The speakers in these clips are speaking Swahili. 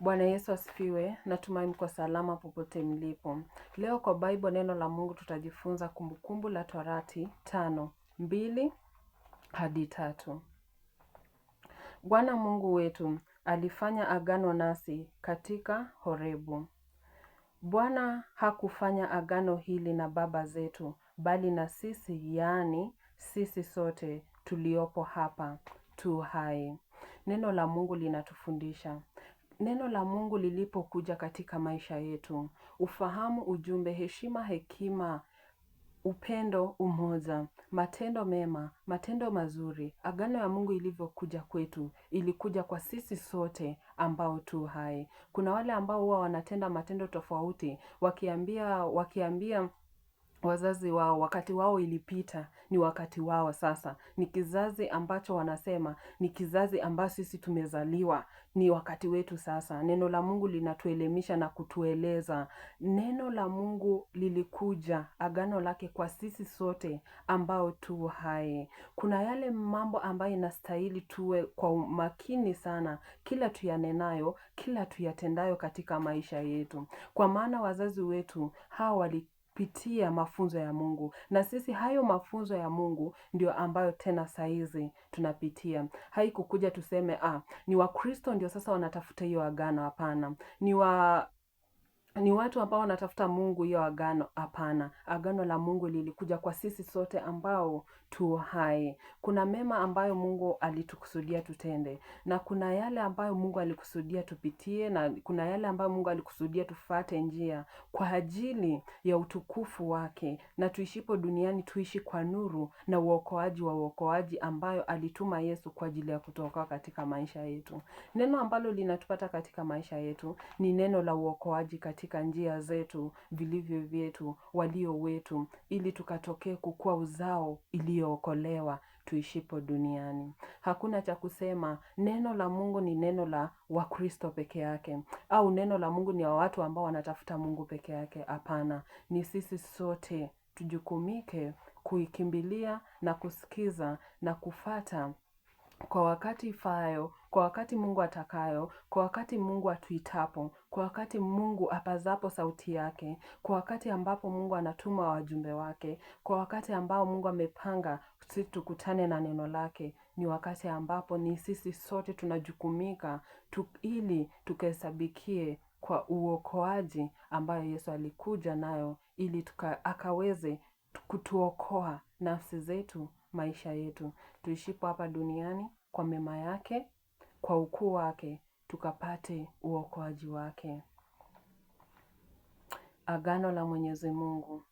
Bwana Yesu asifiwe. Natumai mko salama popote mlipo. Leo kwa Bible neno la Mungu tutajifunza Kumbukumbu la Torati tano mbili hadi tatu. Bwana Mungu wetu alifanya agano nasi katika Horebu. Bwana hakufanya agano hili na baba zetu, bali na sisi, yaani sisi sote tuliopo hapa tu hai. Neno la Mungu linatufundisha Neno la Mungu lilipokuja katika maisha yetu, ufahamu, ujumbe, heshima, hekima, upendo, umoja, matendo mema, matendo mazuri, agano ya Mungu ilivyokuja kwetu, ilikuja kwa sisi sote ambao tu hai. Kuna wale ambao huwa wanatenda matendo tofauti, wakiambia wakiambia wazazi wao, wakati wao ilipita, ni wakati wao sasa. Ni kizazi ambacho wanasema ni kizazi ambacho sisi tumezaliwa, ni wakati wetu sasa. Neno la Mungu linatuelemisha na kutueleza. Neno la Mungu lilikuja agano lake kwa sisi sote ambao tu hai. Kuna yale mambo ambayo inastahili tuwe kwa umakini sana, kila tuyanenayo, kila tuyatendayo katika maisha yetu, kwa maana wazazi wetu hawa wali kupitia mafunzo ya Mungu, na sisi hayo mafunzo ya Mungu ndio ambayo tena saizi tunapitia. Haikukuja tuseme ah, ni Wakristo ndio sasa wanatafuta hiyo agano. Hapana, ni wa ni watu ambao wanatafuta Mungu hiyo agano. Hapana, agano la Mungu lilikuja kwa sisi sote ambao tu hai. Kuna mema ambayo Mungu alitukusudia tutende, na kuna yale ambayo Mungu alikusudia tupitie, na kuna yale ambayo Mungu alikusudia tufate njia kwa ajili ya utukufu wake, na tuishipo duniani tuishi kwa nuru na uokoaji wa uokoaji ambayo alituma Yesu kwa ajili ya kutoka katika maisha yetu. Neno ambalo linatupata katika maisha yetu ni neno la uokoaji katika katika njia zetu, vilivyo vyetu, walio wetu, ili tukatokee kukuwa uzao iliyookolewa tuishipo duniani. Hakuna cha kusema, neno la Mungu ni neno la Wakristo peke yake, au neno la Mungu ni wa watu ambao wanatafuta Mungu peke yake. Hapana, ni sisi sote tujukumike kuikimbilia na kusikiza na kufata kwa wakati ifaayo, kwa wakati Mungu atakayo, kwa wakati Mungu atuitapo, kwa wakati Mungu apazapo sauti yake, kwa wakati ambapo Mungu anatuma wajumbe wake, kwa wakati ambao Mungu amepanga sisi tukutane na neno lake. Ni wakati ambapo ni sisi sote tunajukumika tu, ili tukahesabikie kwa uokoaji ambayo Yesu alikuja nayo ili tuka, akaweze kutuokoa nafsi zetu maisha yetu. Tuishipo hapa duniani kwa mema yake, kwa ukuu wake, tukapate uokoaji wake. Agano la Mwenyezi Mungu.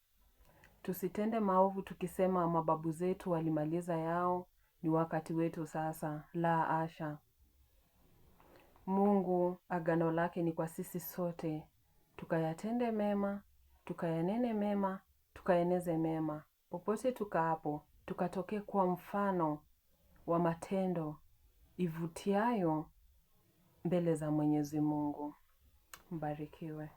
Tusitende maovu tukisema mababu zetu walimaliza yao, ni wakati wetu sasa. La asha! Mungu agano lake ni kwa sisi sote, tukayatende mema, tukayanene mema, tukaeneze mema popote tukaapo tukatokee kwa mfano wa matendo ivutiayo mbele za Mwenyezi Mungu. Mbarikiwe.